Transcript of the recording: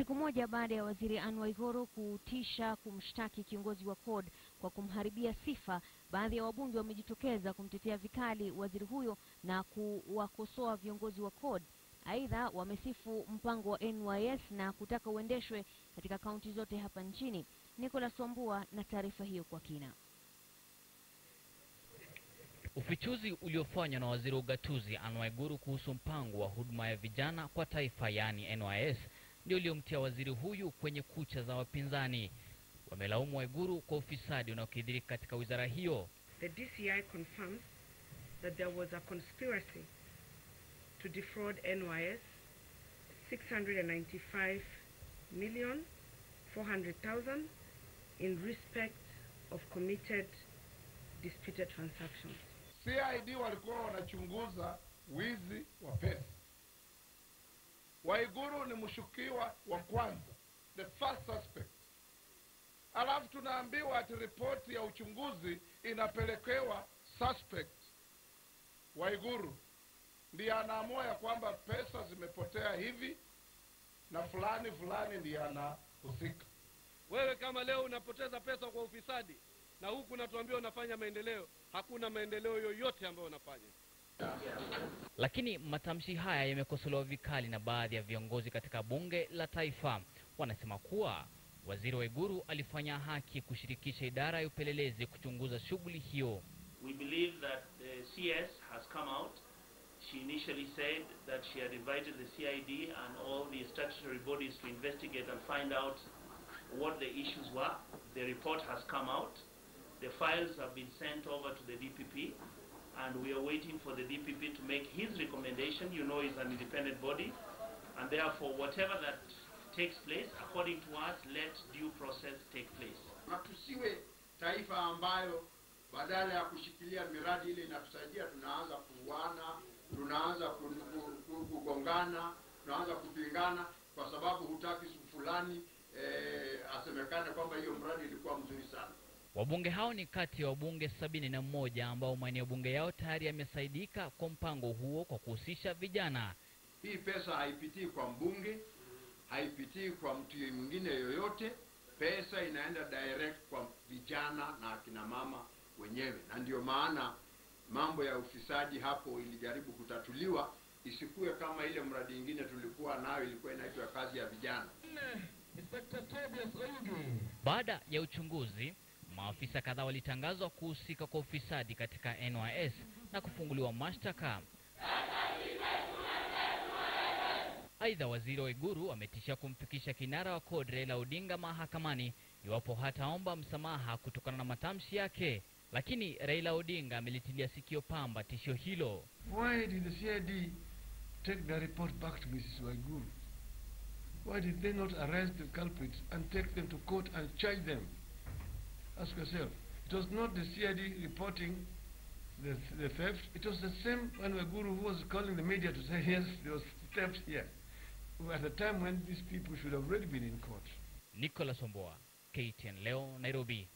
Siku moja baada ya waziri Anne Waiguru kutisha kumshtaki kiongozi wa CORD kwa kumharibia sifa, baadhi ya wabunge wamejitokeza kumtetea vikali waziri huyo na kuwakosoa viongozi wa CORD. Aidha, wamesifu mpango wa NYS na kutaka uendeshwe katika kaunti zote hapa nchini. Nicholas Wambua na taarifa hiyo kwa kina. Ufichuzi uliofanywa na waziri wa ugatuzi Anne Waiguru kuhusu mpango wa huduma ya vijana kwa taifa yaani NYS ndio uliomtia waziri huyu kwenye kucha za wapinzani. Wamelaumu Waiguru kwa ufisadi unaokidhirika katika wizara hiyo. The DCI confirms that there was a conspiracy to defraud NYS 695 million 400,000 in respect of committed disputed transactions. CID walikuwa wanachunguza wizi wa pesa Waiguru ni mshukiwa wa kwanza, the first suspect. Alafu tunaambiwa ati ripoti ya uchunguzi inapelekewa suspect Waiguru ndiye anaamua ya kwamba pesa zimepotea hivi na fulani fulani ndiye anahusika. Wewe kama leo unapoteza pesa kwa ufisadi na huku unatuambia unafanya maendeleo, hakuna maendeleo yoyote ambayo unafanya. Lakini matamshi haya yamekosolewa vikali na baadhi ya viongozi katika bunge la taifa. Wanasema kuwa Waziri wa Waiguru alifanya haki kushirikisha idara ya upelelezi kuchunguza shughuli hiyo. We believe that the CS has come out. She initially said that she had invited the CID and all the statutory bodies to investigate and find out what the issues were. The report has come out. The files have been sent over to the DPP. and we are waiting for the DPP to make his recommendation. You know, he's an independent body, and therefore, whatever that takes place, according to us, let due process take place. Na tusiwe taifa ambayo badala ya kushikilia miradi ile inatusaidia, tunaanza tunaanza kugongana, tunaanza kupingana kwa sababu hutaki fulani eh, asemekane kwamba hiyo mradi ilikuwa mzuri sana. Wabunge hao ni kati ya wabunge sabini na mmoja ambao maeneo bunge yao tayari yamesaidika kwa mpango huo kwa kuhusisha vijana. Hii pesa haipitii kwa mbunge, haipitii kwa mtu mwingine yoyote. Pesa inaenda direct kwa vijana na akina mama wenyewe, na ndio maana mambo ya ufisadi hapo ilijaribu kutatuliwa, isikuwe kama ile mradi ingine tulikuwa nayo ilikuwa inaitwa kazi ya vijana. Baada ya uchunguzi Maafisa kadhaa walitangazwa kuhusika kwa ufisadi katika NYS na kufunguliwa mashtaka. Aidha, waziri Waiguru ametisha kumfikisha kinara wa CORD Raila Odinga mahakamani iwapo hataomba msamaha kutokana na matamshi yake, lakini Raila Odinga amelitilia sikio pamba tisho hilo. Why did the CID take the report back to Mrs. Waiguru? Why did they not arrest the culprits and take them to court and charge them? Ask yourself. It was not the CID reporting the, the theft. It was the same when the guru who was calling the media to say, yes, there was theft here. At a time when these people should have already been in court. Nicholas Omboa, KTN Leo, Nairobi.